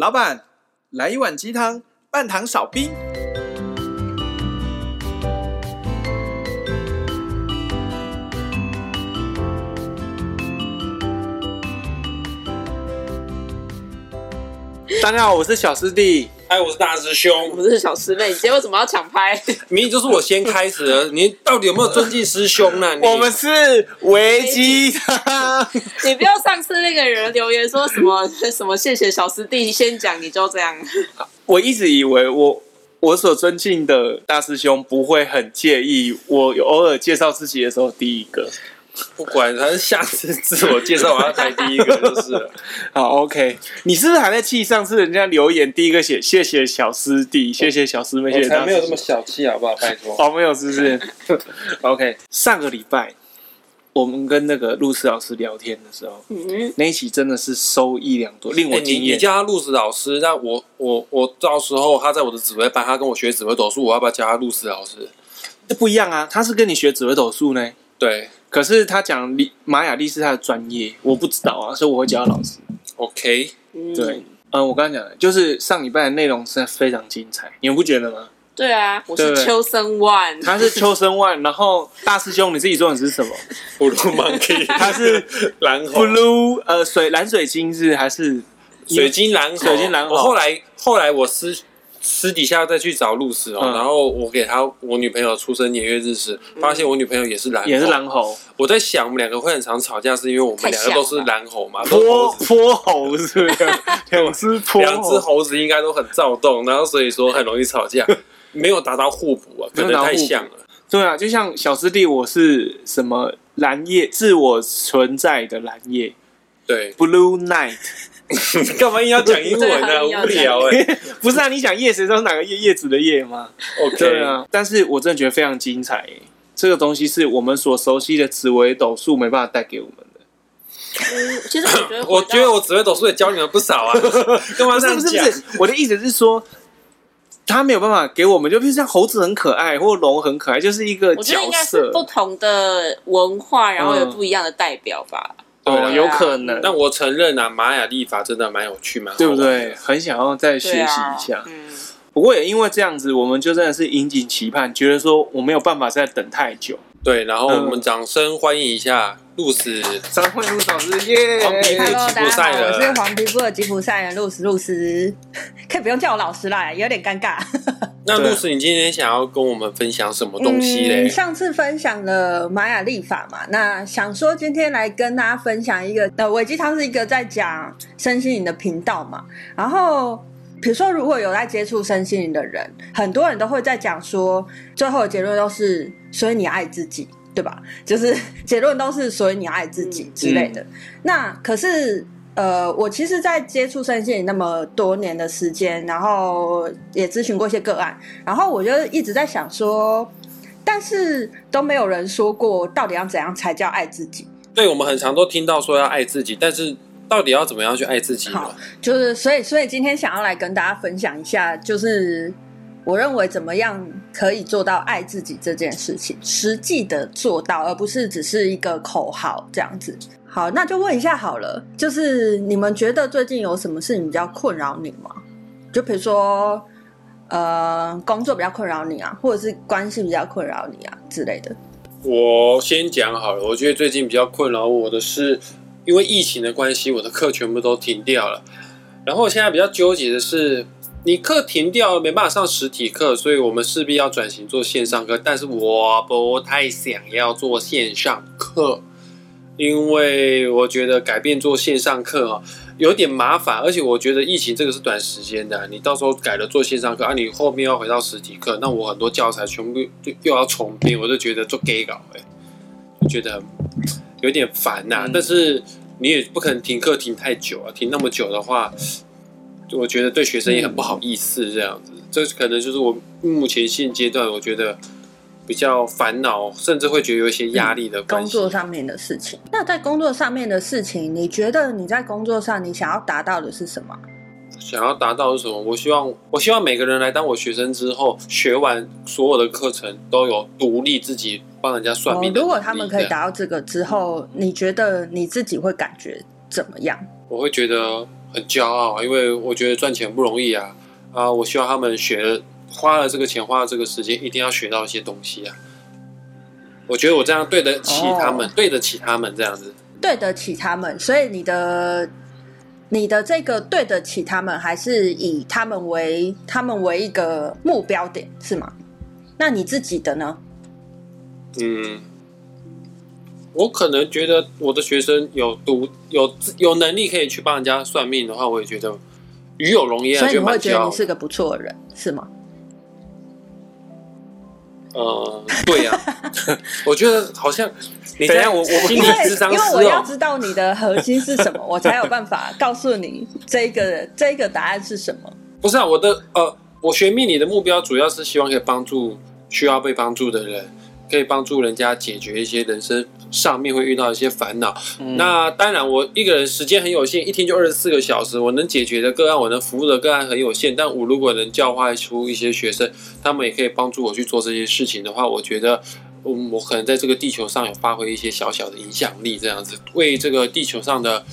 老闆，來一碗雞湯，半糖少冰。大家好，我是小師弟。哎，我是大師兄，我們是小師妹。你今天為什麼要搶拍？明明就是我先開始的， 你到底有沒有尊敬師兄呢、啊？ 我們是微雞湯、hey,，你不要上次那個人留言說什麼 什麼謝謝小師弟先講，你就這樣。我一直以為我我所尊敬的大師兄不會很介意我偶爾介紹自己的時候第一個。不管，他是下次自我介紹，我要排第一個就是了。 好，OK，你是不是還在氣上次人家留言第一個寫“謝謝小師弟，謝謝小師妹”？哦、謝謝他。沒有這麼小氣好不好？拜託，我、 哦、沒有，是不是 ？OK，上個禮拜我們跟那個 Luz 老師聊天的時候，嗯、那一期真的是收益良多，令我驚艷、欸。你叫他 Luz 老師，那我我我到時候他在我的紫微班，他跟我學紫微斗數，我要不要叫他 Luz 老師？這不一樣啊，他是跟你學紫微斗數呢。對。可是他講馬雅曆是他的專業，我不知道啊，所以我會教老師。OK，對，嗯、呃、我剛才講的就是上禮拜的內容是非常精彩，你們不覺得嗎？對啊，我是秋生萬，對對 他是秋生萬，然後大師兄你自己做的是什麼？Blue monkey，他是藍 blue 呃，水藍水晶是還是水晶藍，水晶藍。我後來後來我思。私底下再去找露絲哦，然後我給她我女朋友出生年月日時，發現我女朋友也是藍，也是藍猴。我在想，我們兩個會很常吵架，是因為我們兩個都是藍猴嘛？潑潑猴是不是？兩隻潑，兩隻猴子應該都很躁動，然後所以說很容易吵架，沒有達到互補啊，真的太像了。對啊，就像小師弟，我是什麼藍夜，自我存在的藍夜，對，Blue Night。幹 嘛硬要講英文呢、啊？無聊哎！ 不是啊，你講葉，誰知是哪個葉葉子的葉嗎？Okay. 對啊。但是我真的覺得非常精彩。這個東西是我們所熟悉的紫微斗數沒辦法帶給我們的、嗯。其實我覺得，我覺得我紫微斗數也教你們不少啊。幹 嘛這樣講？不是，不是不是，我的意思是說，他沒有辦法給我們，就比如像猴子很可愛，或龍很可愛，就是一個角色，我覺得應該是不同的文化，然後有不一樣的代表吧。嗯對對啊，有可能。那、嗯、我承認啊，瑪雅曆法真的蠻有趣嘛，對不對，對？很想要再學習一下。啊，嗯，不過也因為這樣子，我們就真的是引頸期盼，覺得說我沒有辦法再等太久。對，然後我們掌聲歡迎一下，嗯、露絲，三位露絲耶，黃皮膚吉普賽人。大家好，我是黃皮膚的吉普賽人露絲。露絲，可以不用叫我老師啦，有點尷尬。 那露絲，你今天想要跟我們分享什麼東西呢？嗯。上次分享了瑪雅曆法嘛，那想說今天來跟大家分享一個。呃、那微雞湯是一個在講身心靈的頻道嘛，然後比如說如果有在接觸身心靈的人，很多人都會在講說，最後的結論都是所以你愛自己，對吧？就是結論都是所以你愛自己、嗯、之類的。嗯、那可是。呃，我其實，在接觸身心那麼多年的時間，然後也諮詢過一些個案，然後我就一直在想說，但是都沒有人說過，到底要怎樣才叫愛自己？對，我們很常都聽到說要愛自己，但是到底要怎麼樣去愛自己呢？好，就是所以，所以今天想要來跟大家分享一下，就是。我認為怎麼樣可以做到愛自己這件事情，實際的做到，而不是只是一個口號這樣子。好，那就問一下好了，就是你們覺得最近有什麼事情比較困擾你嗎？就比如說，呃，工作比較困擾你啊，或者是關係比較困擾你啊之類的。我先講好了，我覺得最近比較困擾我的是，因為疫情的關係，我的課全部都停掉了。然後我現在比較糾結的是。你課停掉沒辦法上實體課，所以我們勢必要轉型做線上課。但是我不太想要做線上課，因為我覺得改變做線上課、哦、有點麻煩，而且我覺得疫情這個是短時間的、啊，你到時候改了做線上課，啊你後面要回到實體課，那我很多教材全部就又要重編，我就覺得做改稿哎，就覺得有點煩吶、啊。但是你也不可能停課停太久啊，停那麼久的話。我覺得對學生也很不好意思，這樣子，嗯、這可能就是我目前現階段我覺得比較煩惱，甚至會覺得有一些壓力的、嗯、工作上面的事情。那在工作上面的事情，你覺得你在工作上你想要達到的是什麼？想要達到的是什麼？我希望我希望每個人來當我學生之後，學完所有的課程，都有獨立自己幫人家算命的、哦。如果他們可以達到這個之後，嗯、你覺得你自己會感覺怎麼樣？我會覺得。很驕傲，因為我覺得賺錢不容易啊！啊，我希望他們學花了這個錢，花了這個時間，一定要學到一些東西啊！我覺得我這樣對得起他們，oh. 對得起他們這樣子，對得起他們。所以你的，你的這個對得起他們，還是以他們為他們為一個目標點是嗎？那你自己的呢？嗯。我可能覺得我的學生有讀有有能力可以去幫人家算命的話，我也覺得與有榮焉。所以你會覺得你是個不錯的人，是嗎？呃，對呀、啊， 我覺得好像怎樣，我我心、哦、因為因為我要知道你的核心是什麼，我才有辦法告訴你這個 這個答案是什麼。不是啊，我的呃，我學命理的目標主要是希望可以幫助需要被幫助的人，可以幫助人家解決一些人生上面會遇到一些煩惱。嗯、那當然，我一個人時間很有限，一天就二十四個小時，我能解決的個案，我能服務的個案很有限。但我如果能教化出一些學生，他們也可以幫助我去做這些事情的話，我覺得我可能在這個地球上有發揮一些小小的影響力，這樣子。為這個地球上的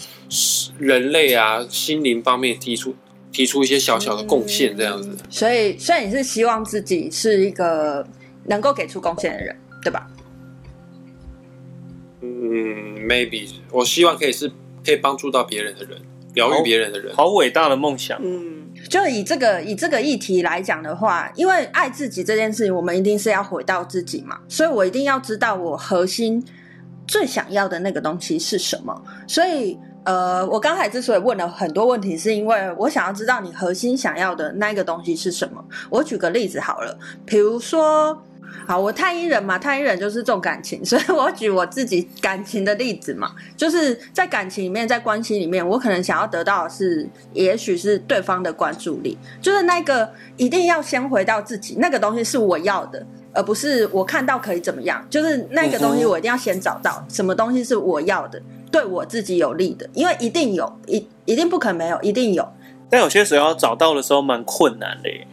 人類啊心靈方面提出提出一些小小的貢獻，這樣子。嗯、所以，所以你是希望自己是一個能夠給出貢獻的人。對吧？嗯，maybe，我希望可以是可以幫助到別人的人，療癒別人的人，好偉大的夢想。嗯，就以這個以這個議題來講的話，因為愛自己這件事情，我們一定是要回到自己嘛，所以我一定要知道我核心最想要的那個東西是什麼。所以，呃，我剛才之所以問了很多問題，是因為我想要知道你核心想要的那個東西是什麼。我舉個例子好了，比如說。好，我太依人嘛，太依人就是重感情，所以我舉我自己感情的例子嘛，就是在感情裡面，在關係裡面，我可能想要得到的是，也許是對方的關注力，就是那個一定要先回到自己那個東西是我要的，而不是我看到可以怎麼樣，就是那個東西我一定要先找到，嗯、哼什麼東西是我要的，對我自己有利的，因為一定有，一一定不可能沒有，一定有，但有些時候找到的時候蠻困難的耶。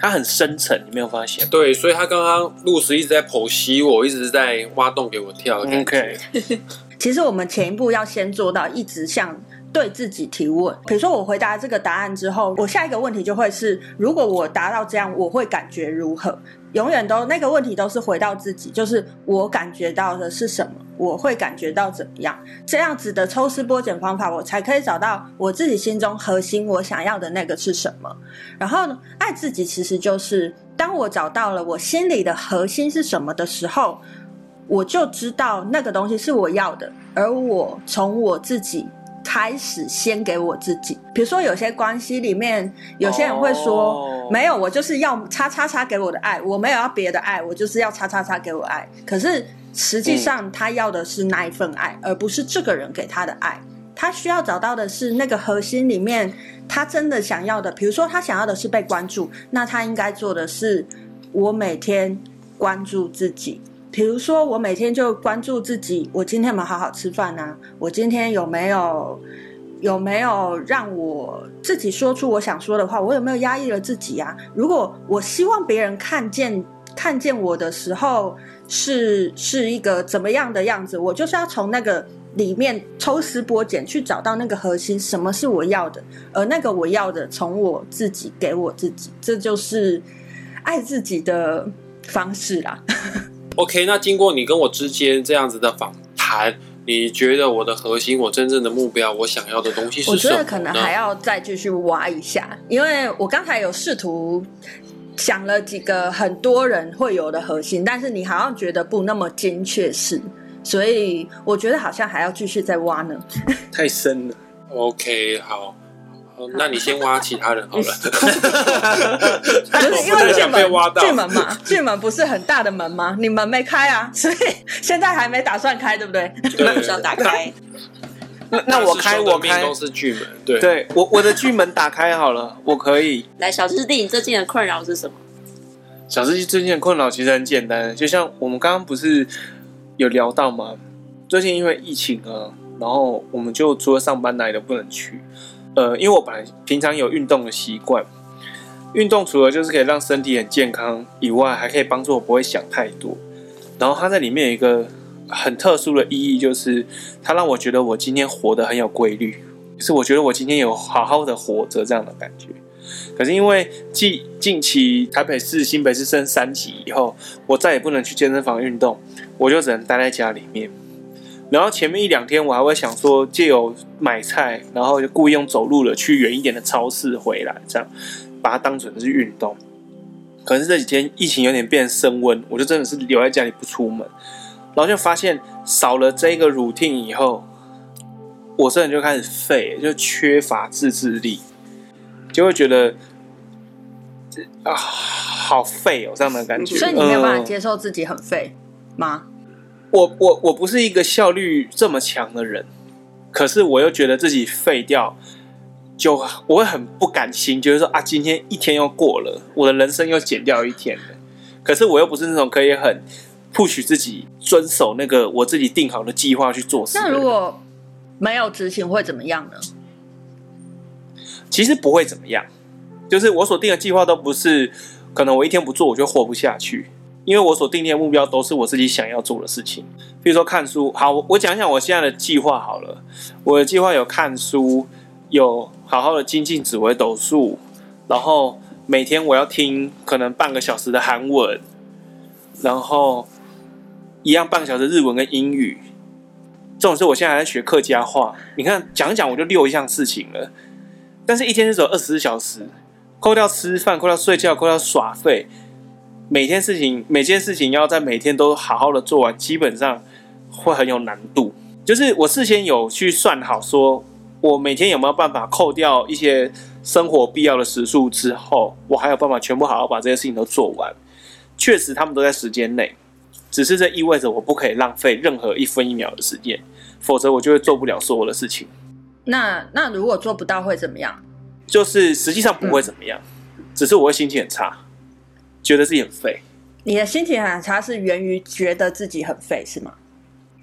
它很深沉，你沒有發現？對，所以他剛剛 Luz 一直在剖析我，一直在挖洞給我跳。OK，其實我們前一步要先做到，一直向。對自己提問，比如說我回答這個答案之後，我下一個問題就會是：如果我達到這樣，我會感覺如何？永遠都那個問題都是回到自己，就是我感覺到的是什麼，我會感覺到怎麼樣？這樣子的抽絲剝繭方法，我才可以找到我自己心中核心，我想要的那個是什麼。然後呢，愛自己其實就是當我找到了我心裡的核心是什麼的時候，我就知道那個東西是我要的，而我從我自己。開始先給我自己，比如說有些關係裡面，有些人會說，oh. 沒有，我就是要叉叉叉給我的愛，我沒有要別的愛，我就是要叉叉叉給我愛。可是實際上他要的是那一份愛，嗯、而不是這個人給他的愛。他需要找到的是那個核心裡面他真的想要的。比如說他想要的是被關注，那他應該做的是我每天關注自己。比如說，我每天就關注自己，我今天有沒有好好吃飯啊，我今天有沒有有沒有讓我自己說出我想說的話？我有沒有壓抑了自己呀？如果我希望別人看見看見我的時候是是一個怎麼樣的樣子，我就是要從那個裡面抽絲剝繭去找到那個核心，什麼是我要的，而那個我要的從我自己給我自己，這就是愛自己的方式啦。OK，那經過你跟我之間這樣子的訪談，你覺得我的核心、我真正的目標、我想要的東西是什麼呢？我覺得可能還要再繼續挖一下，因為我剛才有試圖想了幾個很多人會有的核心，但是你好像覺得不那麼精確是，所以我覺得好像還要繼續再挖呢。 太深了。OK，好。那你先挖其他人好了。哈是哈哈哈！因為巨門巨門嘛，巨門不是很大的門嗎？你門沒開啊，所以現在還沒打算開，對不對？不想打開。那我開我開都是巨門，對對，我我的巨門打開好了，我可以。來，小師弟，你最近的困擾是什麼？小師弟最近的困擾其實很簡單，就像我們剛剛不是有聊到嗎？最近因為疫情啊，然後我們就除了上班，哪裡都不能去。呃，因為我本來平常有運動的習慣，運動除了就是可以讓身體很健康以外，還可以幫助我不會想太多。然後它在裡面有一個很特殊的意義，就是它讓我覺得我今天活得很有規律，是我覺得我今天有好好的活着這樣的感覺。可是因為近近期台北市、新北市升三級以後，我再也不能去健身房運動，我就只能待在家裡面。然後前面一兩天我還會想說，借由買菜，然後就故意用走路了去遠一點的超市回來，這樣把它當成是運動。可能是這幾天疫情有點變升溫，我就真的是留在家裡不出門，然後就發現少了這個乳 e 以後，我真人就開始廢，就缺乏自制力，就會覺得，啊好廢哦這樣的感覺。所以你沒有辦法接受自己很廢嗎？我我我不是一個效率這麼強的人，可是我又覺得自己廢掉，就我會很不甘心，就是說啊，今天一天又過了，我的人生又減掉一天了。可是我又不是那種可以很 push 自己遵守那個我自己定好的計劃去做事。那如果沒有執行會怎麼樣呢？其實不會怎麼樣，就是我所定的計劃都不是，可能我一天不做我就活不下去。因為我所定立的目標都是我自己想要做的事情，譬如說看書。好，我講一講我現在的計劃好了。我的計劃有看書，有好好的精進紫微斗數，然後每天我要聽可能半個小時的韓文，然後一樣半個小時日文跟英語。這種是我現在還在學客家話。你看，講一講我就六一項事情了，但是一天就走二十四小時，扣掉吃飯，扣掉睡覺，扣掉耍廢，每件事情，每件事情要在每天都好好的做完，基本上會很有難度。就是我事先有去算好說，說我每天有沒有辦法扣掉一些生活必要的時數之後，我還有辦法全部好好把這些事情都做完。確實，他們都在時間內，只是這意味着我不可以浪費任何一分一秒的時間，否則我就會做不了所有的事情。那那如果做不到會怎麼樣？就是實際上不會怎麼樣，嗯，只是我會心情很差。覺得自己很廢，你的心情很差，是源於覺得自己很廢，是嗎？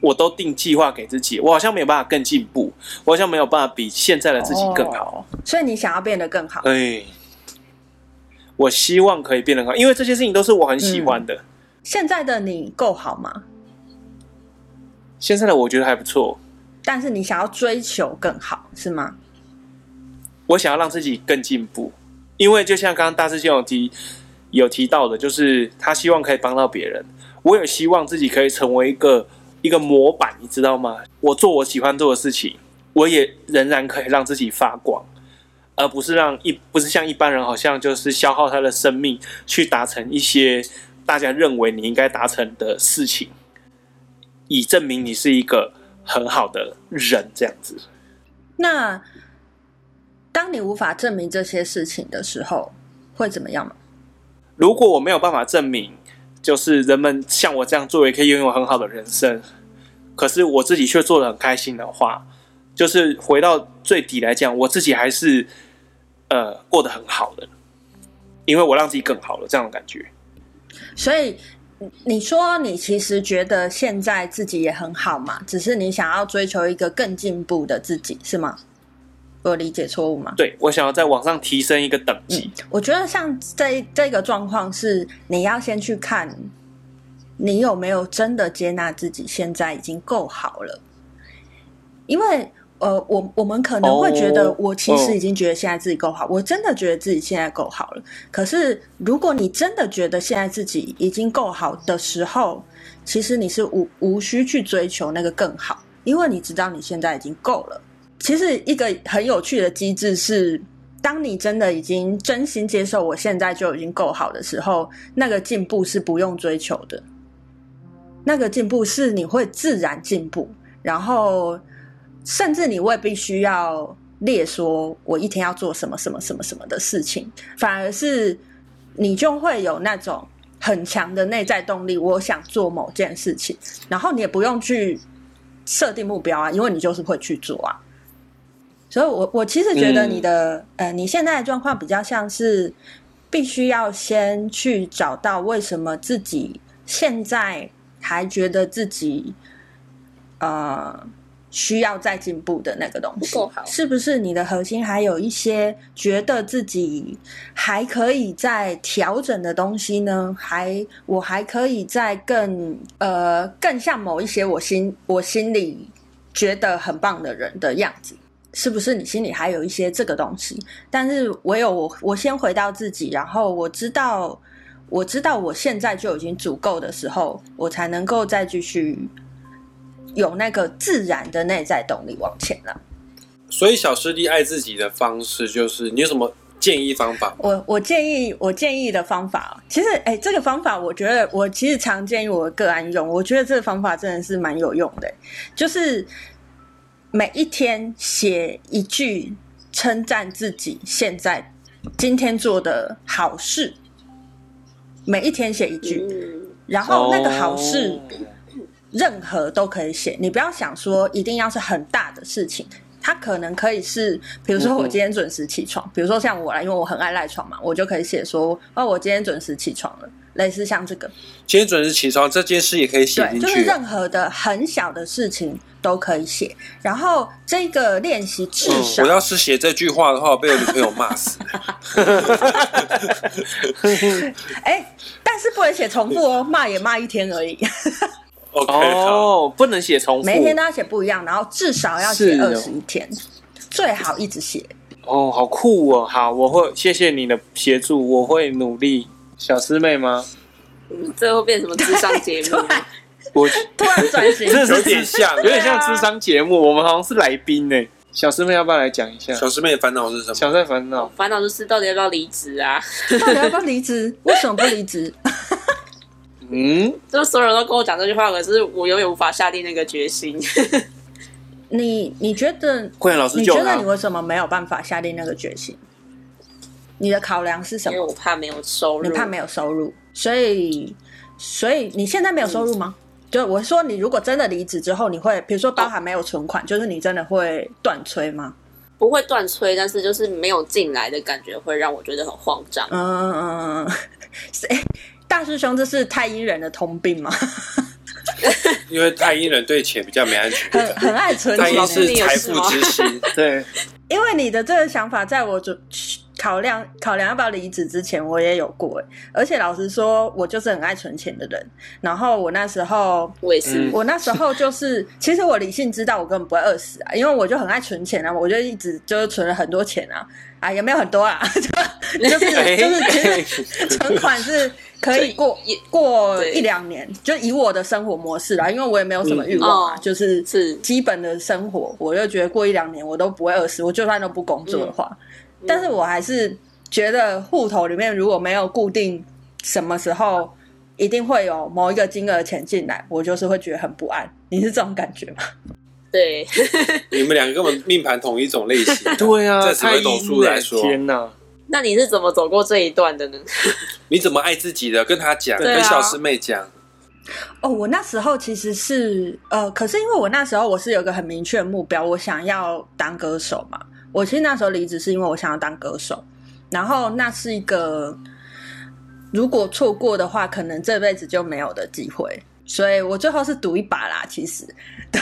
我都定計劃給自己，我好像沒有辦法更進步，我好像沒有辦法比現在的自己更好，oh, 所以你想要變得更好。哎、欸，我希望可以變得更好，因為這些事情都是我很喜歡的。嗯、現在的你夠好嗎？現在的我覺得還不錯，但是你想要追求更好，是嗎？我想要讓自己更進步，因為就像剛剛大師講的，有提到的，就是他希望可以幫到別人。我也希望自己可以成為一個一個模板，你知道嗎？我做我喜歡做的事情，我也仍然可以讓自己發光，而不是讓一，不是像一般人，好像就是消耗他的生命去達成一些大家認為你應該達成的事情，以證明你是一個很好的人。這樣子，那當你無法證明這些事情的時候，會怎麼樣嗎？如果我沒有辦法證明，就是人們像我這樣做也可以擁有很好的人生，可是我自己卻做得很開心的話，就是回到最底來講，我自己還是呃過得很好的，因為我讓自己更好了，這樣的感覺。所以你說你其實覺得現在自己也很好嘛，只是你想要追求一個更進步的自己，是嗎？理解錯誤嗎？對，我想要再往上提升一個等級。嗯、我覺得像這這個狀況是，你要先去看你有沒有真的接納自己，現在已經夠好了。因為呃，我我們可能會覺得，我其實已經覺得現在自己夠好，oh, oh. 我真的覺得自己現在夠好了。可是如果你真的覺得現在自己已經夠好的時候，其實你是無無需去追求那個更好，因為你知道你現在已經夠了。其實一個很有趣的機制是，當你真的已經真心接受我現在就已經夠好的時候，那個進步是不用追求的。那個進步是你會自然進步，然後甚至你未必需要列說我一天要做什麼什麼什麼什麼的事情，反而是你就會有那種很強的內在動力，我想做某件事情，然後你也不用去設定目標啊，因為你就是會去做啊。所以我，我我其實覺得你的、嗯、呃，你現在的狀況比較像是，必須要先去找到為什麼自己現在還覺得自己呃需要再進步的那個東西，是不是？你的核心還有一些覺得自己還可以再調整的東西呢？還我還可以再更呃更像某一些我心我心裡覺得很棒的人的樣子。是不是你心裡還有一些這個東西？但是我有我，我先回到自己，然後我知道，我知道我現在就已經足夠的時候，我才能夠再繼續有那個自然的內在動力往前了。所以，小師弟愛自己的方式就是，你有什麼建議方法？我我建議我建議的方法，其實誒、欸，這個方法我覺得我其實常建議我個案用，我覺得這個方法真的是蠻有用的、欸，就是。每一天寫一句稱讚自己現在、今天做的好事。每一天寫一句，然後那個好事，任何都可以寫。你不要想說一定要是很大的事情，它可能可以是，比如說我今天準時起床，比如說像我啦，因為我很愛賴床嘛，我就可以寫說，哦，我今天準時起床了。類似像這個，今天準時起床這件事也可以寫進去。就是任何的很小的事情都可以寫。然後這個練習至少、嗯，我要是寫這句話的話，我被我女朋友罵死。哎、 欸，但是不能寫重複哦，罵也罵一天而已。 okay, 好哦，不能寫重複，每一天都要寫不一樣，然後至少要寫二十一天，哦、最好一直寫。哦，好酷哦！好，我會謝謝你的協助，我會努力。小師妹嗎？我最後變成什麼諮商節目？我突然轉型， 這有點像，有點像諮商節目。啊、我們好像是來賓呢、欸。小師妹要不要來講一下？小師妹的煩惱是什麼？小帥煩惱，煩惱就是到底要不要離職啊？到底要不要離職？為什麼不離職？ 嗯，就所有人都跟我講這句話，可是我永遠無法下定那個決心。 你你覺得，桂妍老師，你覺得你為什麼沒有辦法下定那個決心？你的考量是什麼？因為我怕沒有收入。你怕沒有收入，所以，所以你現在沒有收入嗎？嗯、就我說，你如果真的離職之後，你會比如說包含沒有存款，嗯、就是你真的會斷炊嗎？不會斷炊，但是就是沒有進來的感覺，會讓我覺得很慌張。嗯、欸，大師兄，這是太陰人的通病嗎？ 因為太陰人對錢比較沒安全感， 很愛存錢，是財富之星。對， 因為你的這個想法，在我這。考量考量要不要離職之前，我也有過哎，而且老實說，我就是很愛存錢的人。然後我那時候我也是，我那時候就是， 其實我理性知道我根本不會餓死啊，因為我就很愛存錢啊，我就一直就是存了很多錢啊，啊，也沒有很多啊， 就是就是就是存款是可以過一 對過一兩年，就以我的生活模式啦，因為我也沒有什麼欲望、啊，嗯、就是是基本的生活，哦、我就覺得過一兩年我都不會餓死，是我就算都不工作的話。嗯但是我還是覺得戶頭裡面如果沒有固定什麼時候一定會有某一個金額錢進來，我就是會覺得很不安。你是這種感覺嗎？對， 你們兩個根本命盤同一種類型，啊。 對啊，太陰的。天哪，啊！那你是怎麼走過這一段的呢？ 你怎麼愛自己的？跟他講，啊，跟小師妹講。哦，我那時候其實是呃，可是因為我那時候我是有個很明確的目標，我想要當歌手嘛。我其實那時候離職，是因為我想要當歌手，然後那是一個如果錯過的話，可能這輩子就沒有的機會，所以我最後是賭一把啦。其實，對，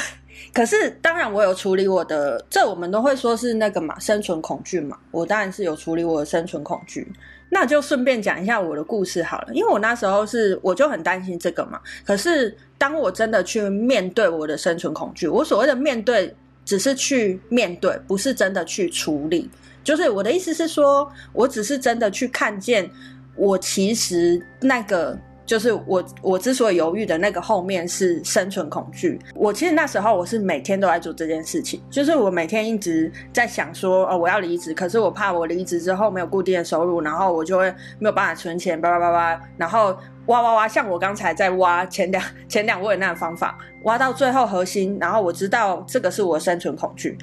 可是當然我有處理我的，這我們都會說是那個嘛，生存恐懼嘛。我當然是有處理我的生存恐懼，那就順便講一下我的故事好了。因為我那時候是，我就很擔心這個嘛，可是當我真的去面對我的生存恐懼，我所謂的面對。只是去面對，不是真的去處理。就是我的意思是說，我只是真的去看見，我其實那個。就是我，我之所以猶豫的那個後面是生存恐懼。我其實那時候我是每天都在做這件事情，就是我每天一直在想說，哦，我要離職，可是我怕我離職之後沒有固定的收入，然後我就會沒有辦法存錢，叭叭叭叭，然後挖挖挖，像我剛才在挖前兩前兩位的那個方法，挖到最後核心，然後我知道這個是我生存恐懼。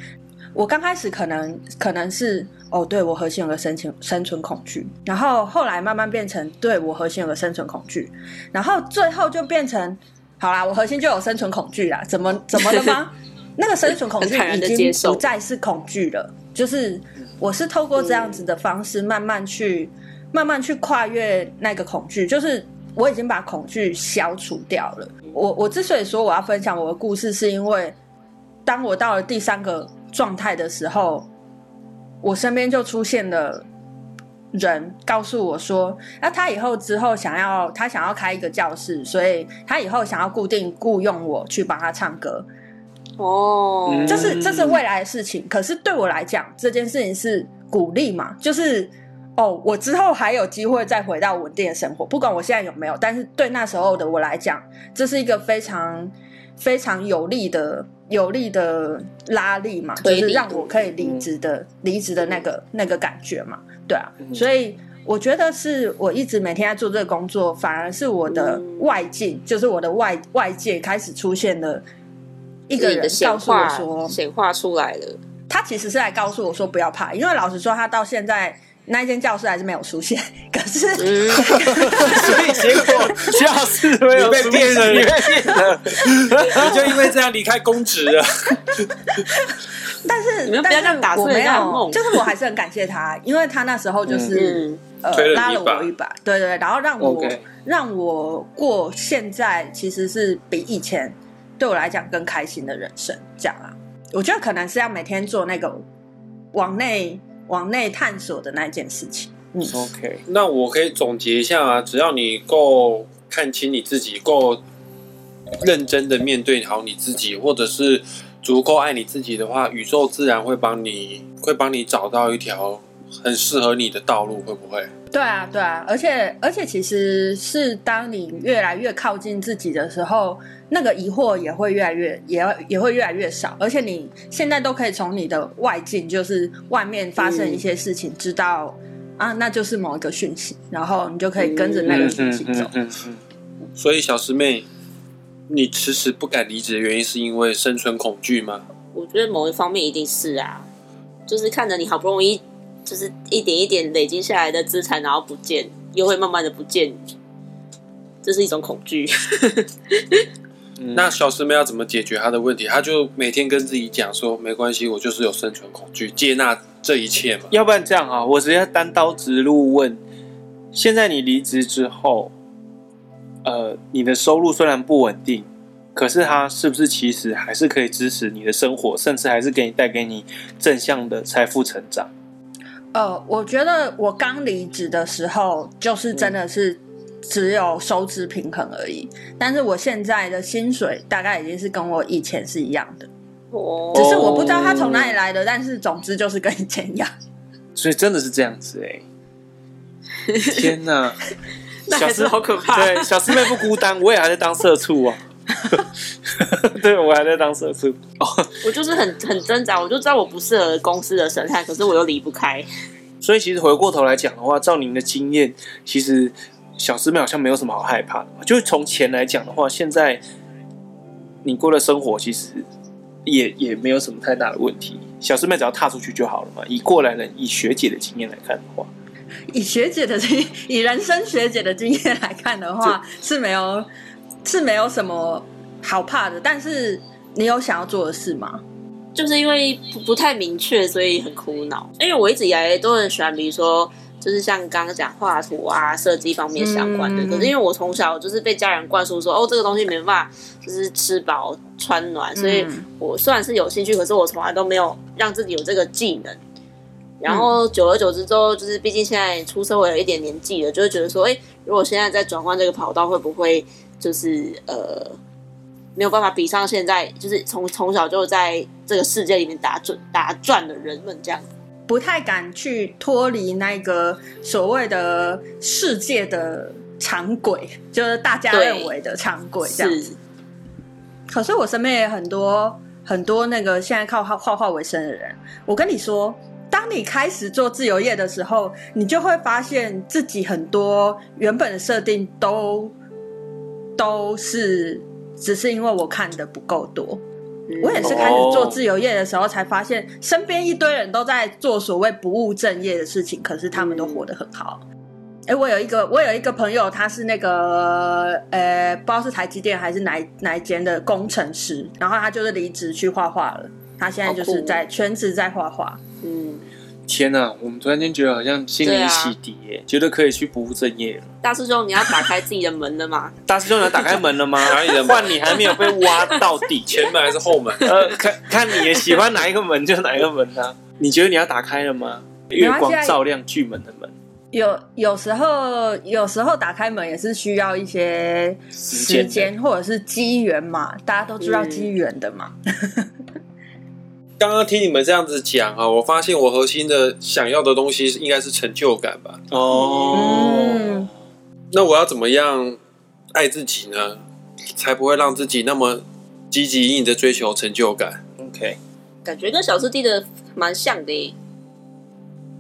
我剛開始可能可能是。哦，對，我核心有個生存生存恐懼，然後後來慢慢變成，對，我核心有個生存恐懼，然後最後就變成，好啦，我核心就有生存恐懼啦，怎麼怎麼了嗎？ 那個生存恐懼已經不再是恐懼了，就是我是透過這樣子的方式，慢慢去、嗯、慢慢去跨越那個恐懼，就是我已經把恐懼消除掉了。我我之所以說我要分享我的故事，是因為當我到了第三個狀態的時候。我身邊就出現了人，告訴我說：“那他以後之後想要，他想要開一個教室，所以他以後想要固定雇傭我去幫他唱歌。”哦，就是，這是，這是未來的事情。可是對我來講，這件事情是鼓勵嘛？就是哦，我之後還有機會再回到穩定的生活，不管我現在有沒有。但是對那時候的我來講，這是一個非常。非常有力的、有力的拉力嘛，就是讓我可以離職的、離職、嗯、的那個、那個感覺嘛，對啊。嗯、所以我覺得是我一直每天在做這個工作，反而是我的外境，嗯、就是我的外外界開始出現了一個人，告訴，我說顯化,顯化出來了。他其實是來告訴我說不要怕，因為老實說，他到現在。那一間教室還是沒有出現，可是，所以結果教室沒有出現，你就因為這樣離開公職了。但是，不要打碎那夢。就是我還是很感謝他，因為他那時候就是呃拉了我一把，對對對，然後讓我讓我過現在其實是比以前對我來講更開心的人生，這樣啊。我覺得可能是要每天做那個往內。往內探索的那件事情嗯，Okay，嗯，OK，那我可以總結一下啊，只要你夠看清你自己，夠認真的面對好你自己，或者是足夠愛你自己的話，宇宙自然會幫你，會幫你找到一條很適合你的道路，會不會？對啊，對啊，而且而且，其實是當你越來越靠近自己的時候。那個疑惑也會越來越，也，也會越來越少，而且你現在都可以從你的外境，就是外面發生一些事情，嗯、知道啊，那就是某一個訊息，然後你就可以跟着那個訊息走、嗯嗯嗯嗯嗯。所以小師妹，你遲遲不敢離職的原因是因為生存恐懼嗎？我覺得某一方面一定是啊，就是看着你好不容易就是一點一點累積下來的資產，然後不見，又會慢慢的不見，這是一種恐懼。 那小師妹要怎麼解決他的問題？他就每天跟自己講說：“沒關係，我就是有生存恐懼，接納這一切嘛。”要不然這樣啊，我直接單刀直入問：現在你離職之後，呃，你的收入雖然不穩定，可是它是不是其實還是可以支持你的生活，甚至還是給你帶給你正向的財富成長？呃，我覺得我剛離職的時候，就是真的是、嗯。只有收支平衡而已，但是我現在的薪水大概已經是跟我以前是一樣的，oh、只是我不知道他從哪裡來的，但是總之就是跟以前一樣。所以真的是這樣子哎、欸，天哪、啊，小師 好可怕！對，小師妹不孤單， 我也還在當社畜啊。 對，我還在當社畜。哦、oh.，我就是很很掙扎，我就知道我不適合公司的生態，可是我又離不開。所以其實回過頭來講的話，照您的經驗，其實。小師妹好像沒有什麼好害怕的，就是從錢來講的話，現在你過的生活其實也也沒有什麼太大的問題。小師妹只要踏出去就好了嘛。以過來人，以學姐的經驗來看的話，以學姐的經以人生學姐的經驗來看的話，就是沒有是沒有什麼好怕的。但是你有想要做的事嗎？就是因為不不太明確，所以很苦惱。因為我一直以來也都很喜歡，比如說。就是像剛剛講畫圖啊，設計方面相關的。嗯、可是因為我從小就是被家人灌輸說，哦，這個東西沒辦法，就是吃飽穿暖。嗯、所以我雖然是有興趣，可是我從來都沒有讓自己有這個技能。然後久而久之之後，就是畢竟現在出社會有一點年紀了，就會覺得說，哎、欸，如果現在再轉換這個跑道，會不會就是呃，沒有辦法比上現在就是從從小就在這個世界裡面打轉打轉的人們這樣。不太敢去脫離那個所謂的世界的常規，就是大家認為的常規，這樣子。是，可是我身邊也很多很多那個現在靠畫畫為生的人，我跟你說，當你開始做自由業的時候，你就會發現自己很多原本的設定都都是只是因為我看的不夠多。我也是開始做自由業的時候，才發現身邊一堆人都在做所謂不務正業的事情，可是他們都活得很好。哎、嗯欸，我有一個，我有一個朋友，他是那個，呃、欸，不知道是台積電還是哪哪間的工程師，然後他就是離職去畫畫了，他現在就是在全職在畫畫，酷嗯。天吶、啊，我們突然間覺得好像心靈洗滌，覺得、啊、可以去不務正業。大師兄，你要打開自己的門了嗎？大師兄，你要打開門了嗎？ 哪裡的門 你還沒有被挖到底？ 前門還是後門？呃，看看你也喜歡哪一個門就哪一個門呢、啊？你覺得你要打開了嗎？月光照亮巨門的門。有有時候有時候打開門也是需要一些時間或者是機緣嘛，大家都知道機緣的嘛。嗯 剛剛聽你們這樣子講啊，我發現我核心的想要的東西應該是成就感吧。哦，嗯、那我要怎麼樣愛自己呢，才不會讓自己那麼汲汲營營的追求成就感？OK，感覺跟小師弟的蠻像的，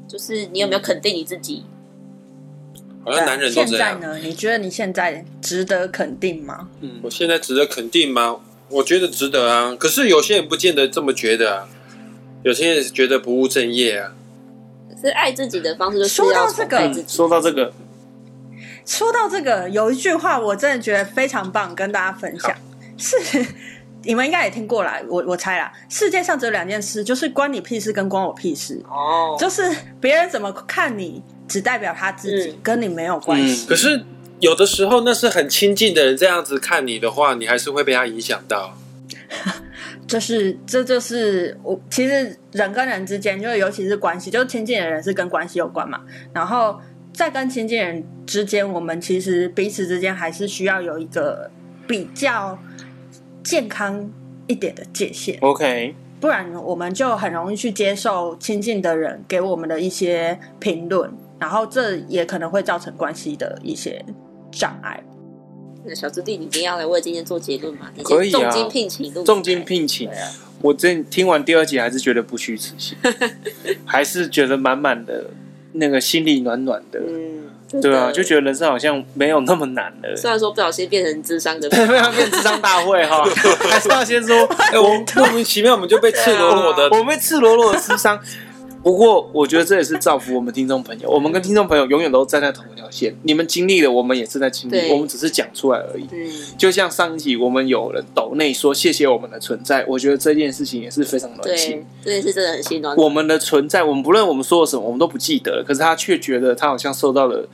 就是你有沒有肯定你自己？嗯、好像男人都這樣。現在呢？你覺得你現在值得肯定嗎？嗯，我現在值得肯定嗎？我覺得值得啊，可是有些人不見得這麼覺得、啊，有些人覺得不務正業啊。是愛自己的方式，就是要寵自己。說到這個，說到這個，說到這個，有一句話我真的覺得非常棒，跟大家分享，好是你們應該也聽過來。我我猜啦，世界上只有兩件事，就是關你屁事跟關我屁事。哦，就是別人怎麼看你，只代表他自己，嗯、跟你沒有關係、嗯。可是。有的時候，那是很親近的人這樣子看你的話，你還是會被他影響到。 就是，這就是我其實人跟人之間，就是尤其是關係，就是親近的人是跟關係有關嘛。然後在跟親近人之間，我們其實彼此之間還是需要有一個比較健康一點的界限。OK，不然我們就很容易去接受親近的人給我們的一些評論，然後這也可能會造成關係的一些。障礙，那小師弟，你一定要來為今天做結論嘛？你可以啊，重金聘請，重金聘請。我真聽完第二集還是覺得不虛此行， 還是覺得滿滿的，那個心裡暖暖的。嗯，對啊，的就覺得人生好像沒有那麼難了。雖然說不小心變成諮商的，對，變成諮商大會哈、 哦，還是要先說， 欸、我莫名其妙我們就被赤裸裸的，啊、我們被赤裸裸的諮商。 不過，我覺得這也是造福我們聽眾朋友。我們跟聽眾朋友永遠都站在同一條線。你們經歷的，我們也是在經歷。我們只是講出來而已。就像上一集，我們有人抖內說謝謝我們的存在，我覺得這件事情也是非常暖心。對，是真的很心暖。我們的存在，我們不論我們說了什麼，我們都不記得了，可是他卻覺得他好像受到了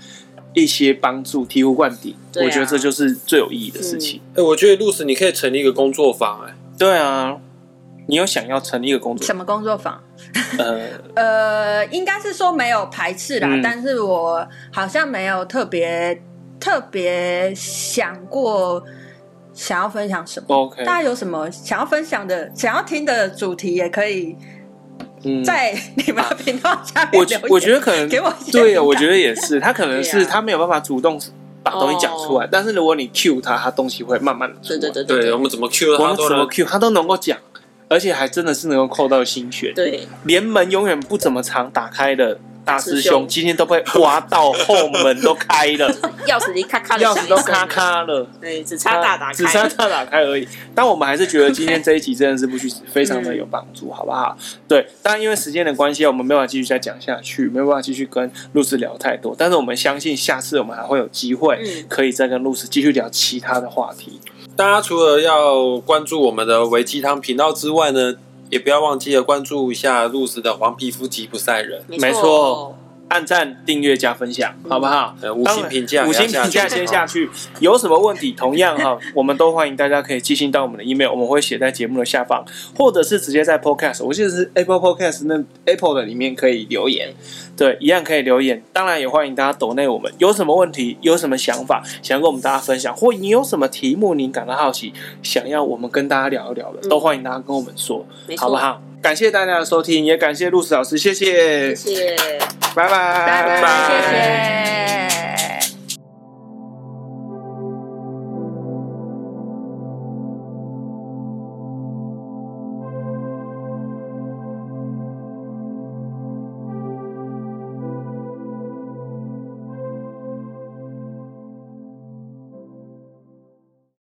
一些幫助，醍醐灌頂。我覺得這就是最有意義的事情，啊。哎、嗯，我覺得露絲，你可以成立一個工作坊。哎，對啊。你有想要成立一個工作什麼工作坊？ 呃，嗯、應該是說沒有排斥啦，嗯、但是我好像沒有特別特別想過想要分享什麼。OK，大家有什麼想要分享的、想要聽的主題，也可以在你們的頻道下面、嗯啊。我我覺得可能 給我對呀，我覺得也是。他可能是、啊、他沒有辦法主動把東西講出來，哦、但是如果你 cue 他，他東西會慢慢的對對對對。我們怎麼 cue 他，我們怎麼 cue 他都能夠講。而且還真的是能夠扣到心弦。對，連門永遠不怎麼常打開的大師兄，今天都被挖到後門都開了，鑰 匙一咔咔，鑰匙都咔咔了，對，只差大打開，只差大打開而已。但我們還是覺得今天這一集真的是不虛，非常的有幫助，好不好？對，當然因為時間的關係，我們沒辦法繼續再講下去，沒辦法繼續跟露絲聊太多。但是我們相信，下次我們還會有機會可以再跟露絲繼續聊其他的話題。大家除了要關注我們的微雞湯頻道之外呢，也不要忘記了關注一下 Luz 的黃皮膚吉普賽人。沒錯錯。沒錯。按讚、訂閱、加分享，好不好？五星評價，五星評價先下去。 有什麼問題，同樣哈， 我們都歡迎大家可以寄信到我們的 email，我們會寫在節目的下方，或者是直接在 podcast，我記得是 Apple Podcast 那 Apple 的裡面可以留言，嗯、對，一樣可以留言。當然也歡迎大家抖內我們，有什麼問題，有什麼想法，想跟我們大家分享，或你有什麼題目，你感到好奇，想要我們跟大家聊一聊的，嗯、都歡迎大家跟我們說，沒錯。好不好？感謝大家的收聽，也感謝露思老師，謝謝，謝謝，拜拜，拜拜，謝謝。